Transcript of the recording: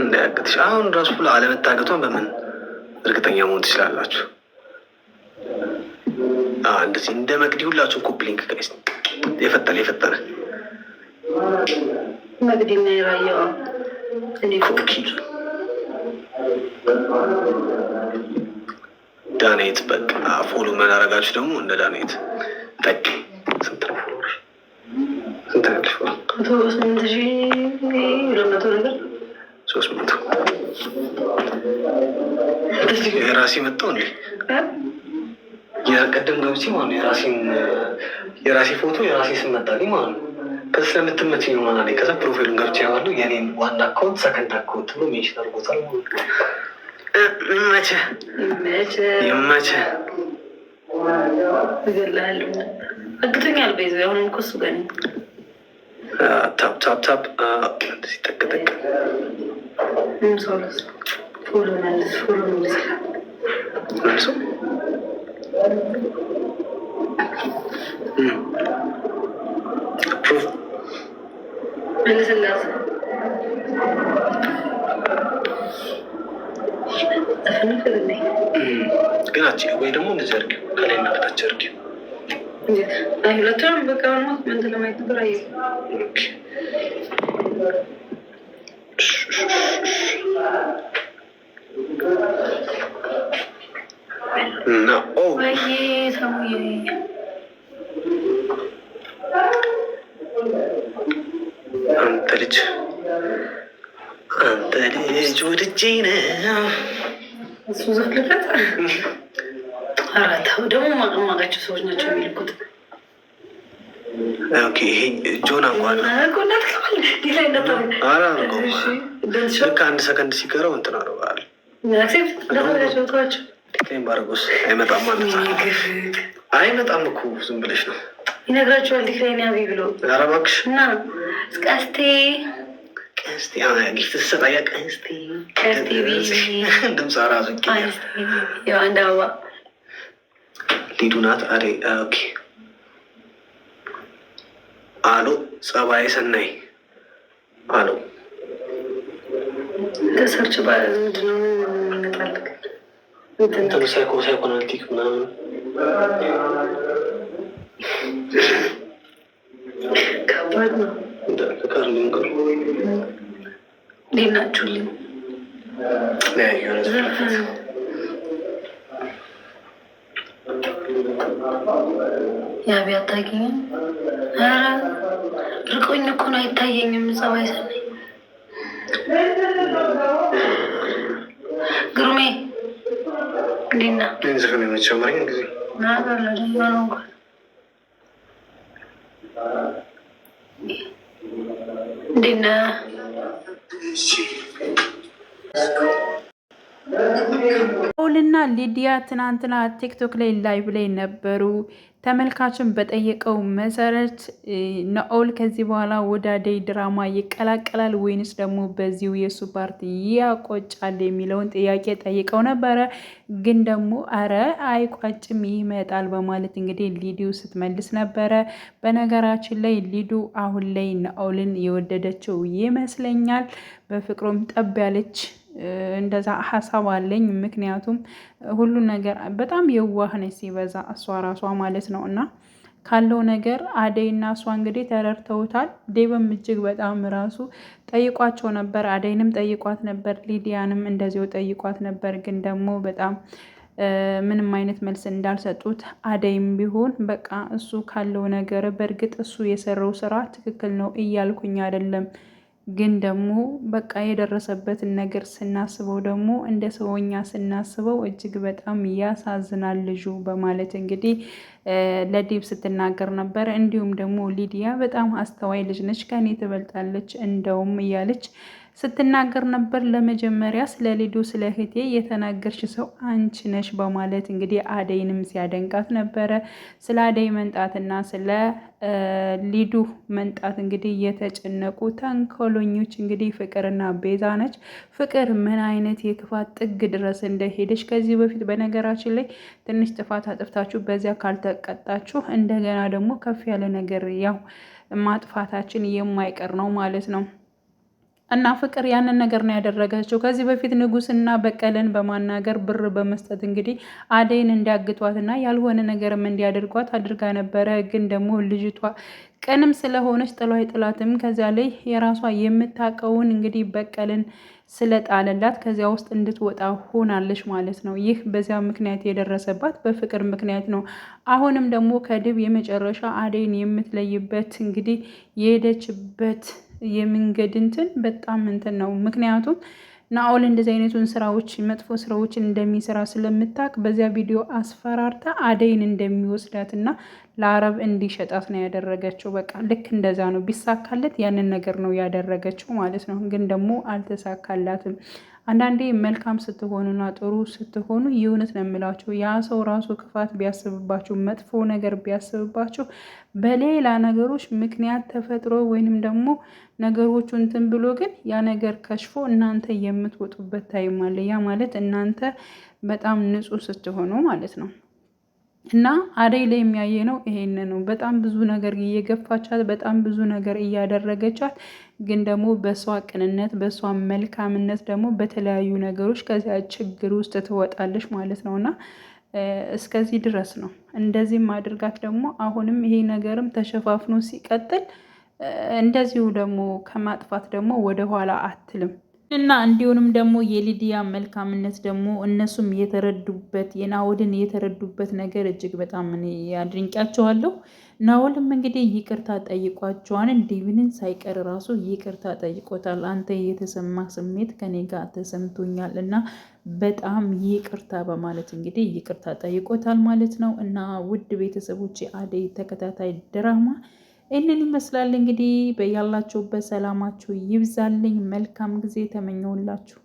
እንዳያግትሽ አሁን ራሱ አለመታገቷን በምን እርግጠኛ መሆን ትችላላችሁ? እንደዚህ እንደ መቅዲ ሁላችሁ ኮፕሊንግ ጋይስ፣ የፈጠነ የፈጠነ መቅዲ እና በቃ ፎሎ መናረጋችሁ ደግሞ እንደ ዳኔት ጠቂ ስንት ነው የራሴ መጣው እንዴ የቀደም ገብቼ ማለት ነው። የራሴን የራሴ ፎቶ የራሴ ስም መጣልኝ ማለት ነው። ከዚ ስለምትመች ይሆናል አለኝ። ከዛ ፕሮፋይሉን ገብቼ ያዋሉ የኔን ዋና አካውንት ሰከንድ አካውንት ብሎ ሜንሽን አድርጎታል ማለት ነው። መቼ መቼ እገላለሁ እርግጠኛ አልበይዘ አሁንም እኮ እሱ ጋር ነው ታፕ ታፕ ታፕ ሲጠቅጠቅ ግን ወይ ደግሞ እንደዚህ አድርጊው ከላይና ከታች አድርጊው ሁለቱም በቃ ሞት ምንድን ነው ማየት ነበር። አይ አንተ ልጅ አንተ ልጅ ወድጄ ነው እሱ ዘፍለፈት አራት ደግሞ ማቀማቃቸው ሰዎች ናቸው የሚልኩት። ጆና አንድ ሰከንድ ሲቀረው እንትን አረባል አይመጣም ማለት እኮ ዝም ብለሽ ነው ይነግራቸዋል። ዲክሬን ያቢ ብሎ ኧረ እና ቀስቴ ቀስቴ ቀስቴ ቀስቴ ድምፅ አንድ አበባ ሊዱ ናት። አዴ ኦኬ አሉ ጸባይ ሰናይ አሉ ሰርች ምንድነው ሳይኮ ሳይኮናልቲክ ምናምን ከባድ ነው። እንዴት ናችሁልኝ? ያብ አታገኝም። ኧረ ርቆኝ እኮ ነው አይታየኝም። ጸባይ ሰለኝ ግርሜ እንዲና ዘፈን የመጨመሪያ ጊዜ እንዲና ኦልና ሊዲያ ትናንትና ቲክቶክ ላይ ላይቭ ላይ ነበሩ። ተመልካችን በጠየቀው መሰረት ናኦል ከዚህ በኋላ ወደ አደይ ድራማ ይቀላቀላል ወይንስ ደግሞ በዚሁ የእሱ ፓርቲ ያቆጫል የሚለውን ጥያቄ ጠይቀው ነበረ። ግን ደግሞ አረ አይቋጭም ይመጣል በማለት እንግዲህ ሊዲው ስትመልስ ነበረ። በነገራችን ላይ ሊዱ አሁን ላይ ናኦልን የወደደችው ይመስለኛል። በፍቅሩም ጠብ ያለች እንደዛ ሀሳብ አለኝ። ምክንያቱም ሁሉን ነገር በጣም የዋህ ነች ሲበዛ እሷ ራሷ ማለት ነው። እና ካለው ነገር አደይና እሷ እንግዲህ ተረድተውታል። ዴብም እጅግ በጣም ራሱ ጠይቋቸው ነበር። አደይንም ጠይቋት ነበር፣ ሊዲያንም እንደዚው ጠይቋት ነበር። ግን ደግሞ በጣም ምንም አይነት መልስ እንዳልሰጡት አደይም ቢሆን በቃ እሱ ካለው ነገር በእርግጥ እሱ የሰራው ስራ ትክክል ነው እያልኩኝ አይደለም ግን ደግሞ በቃ የደረሰበትን ነገር ስናስበው ደግሞ እንደ ሰውኛ ስናስበው እጅግ በጣም ያሳዝናል ልጁ በማለት እንግዲህ ለዲብ ስትናገር ነበር። እንዲሁም ደግሞ ሊዲያ በጣም አስተዋይ ልጅ ነች፣ ከኔ ትበልጣለች እንደውም እያለች ስትናገር ነበር። ለመጀመሪያ ስለ ሊዱ ስለ እህቴ የተናገርሽ ሰው አንቺ ነሽ በማለት እንግዲህ አደይንም ሲያደንቃት ነበረ። ስለ አደይ መንጣትና ስለ ሊዱ መንጣት እንግዲህ የተጨነቁ ተንኮሎኞች እንግዲህ ፍቅርና ቤዛ ነች። ፍቅር ምን አይነት የክፋት ጥግ ድረስ እንደሄደች ከዚህ በፊት በነገራችን ላይ ትንሽ ጥፋት አጥፍታችሁ በዚያ ካልተቀጣችሁ እንደገና ደግሞ ከፍ ያለ ነገር ያው ማጥፋታችን የማይቀር ነው ማለት ነው። እና ፍቅር ያንን ነገር ነው ያደረገችው። ከዚህ በፊት ንጉስና በቀለን በማናገር ብር በመስጠት እንግዲህ አደይን እንዲያግቷትና ያልሆነ ነገርም እንዲያደርጓት አድርጋ ነበረ። ግን ደግሞ ልጅቷ ቀንም ስለሆነች ጥሏ ጥላትም ከዚያ ላይ የራሷ የምታውቀውን እንግዲህ በቀልን ስለጣለላት ከዚያ ውስጥ እንድትወጣ ሆናለች ማለት ነው። ይህ በዚያ ምክንያት የደረሰባት በፍቅር ምክንያት ነው። አሁንም ደግሞ ከድብ የመጨረሻ አደይን የምትለይበት እንግዲህ የሄደችበት የመንገድ እንትን በጣም እንትን ነው። ምክንያቱም ናኦል እንደዚህ አይነቱን ስራዎች መጥፎ ስራዎችን እንደሚሰራ ስለምታቅ በዚያ ቪዲዮ አስፈራርታ አደይን እንደሚወስዳትና ለአረብ እንዲሸጣት ነው ያደረገችው። በቃ ልክ እንደዛ ነው። ቢሳካለት ያንን ነገር ነው ያደረገችው ማለት ነው። ግን ደግሞ አልተሳካላትም። አንዳንዴ መልካም ስትሆኑና ጥሩ ስትሆኑ የእውነት ነው የምላችሁ ያ ሰው ራሱ ክፋት ቢያስብባችሁ መጥፎ ነገር ቢያስብባችሁ በሌላ ነገሮች ምክንያት ተፈጥሮ ወይንም ደግሞ ነገሮቹ እንትን ብሎ ግን ያ ነገር ከሽፎ እናንተ የምትወጡበት ታይም አለ። ያ ማለት እናንተ በጣም ንጹህ ስትሆኑ ማለት ነው። እና አደይ ላይ የሚያየ ነው ይሄን ነው። በጣም ብዙ ነገር እየገፋቻት፣ በጣም ብዙ ነገር እያደረገቻት፣ ግን ደግሞ በእሷ ቅንነት በእሷ መልካምነት ደግሞ በተለያዩ ነገሮች ከዚያ ችግር ውስጥ ትወጣለች ማለት ነው እና እስከዚህ ድረስ ነው። እንደዚህም አድርጋት ደግሞ አሁንም ይሄ ነገርም ተሸፋፍኖ ሲቀጥል እንደዚሁ ደግሞ ከማጥፋት ደግሞ ወደኋላ አትልም። እና እንዲሁንም ደግሞ የሊዲያ መልካምነት ደግሞ እነሱም የተረዱበት የናወልን የተረዱበት ነገር እጅግ በጣም አድንቂያቸዋለሁ። ናወልም እንግዲህ ይቅርታ ጠይቋቸዋን ዲቪንን ሳይቀር ራሱ ይቅርታ ጠይቆታል። አንተ የተሰማ ስሜት ከኔ ጋር ተሰምቶኛል እና በጣም ይቅርታ በማለት እንግዲህ ይቅርታ ጠይቆታል ማለት ነው። እና ውድ ቤተሰቦች አደይ ተከታታይ ድራማ ይህንን ይመስላል እንግዲህ። በያላችሁበት ሰላማችሁ ይብዛልኝ። መልካም ጊዜ ተመኘውላችሁ።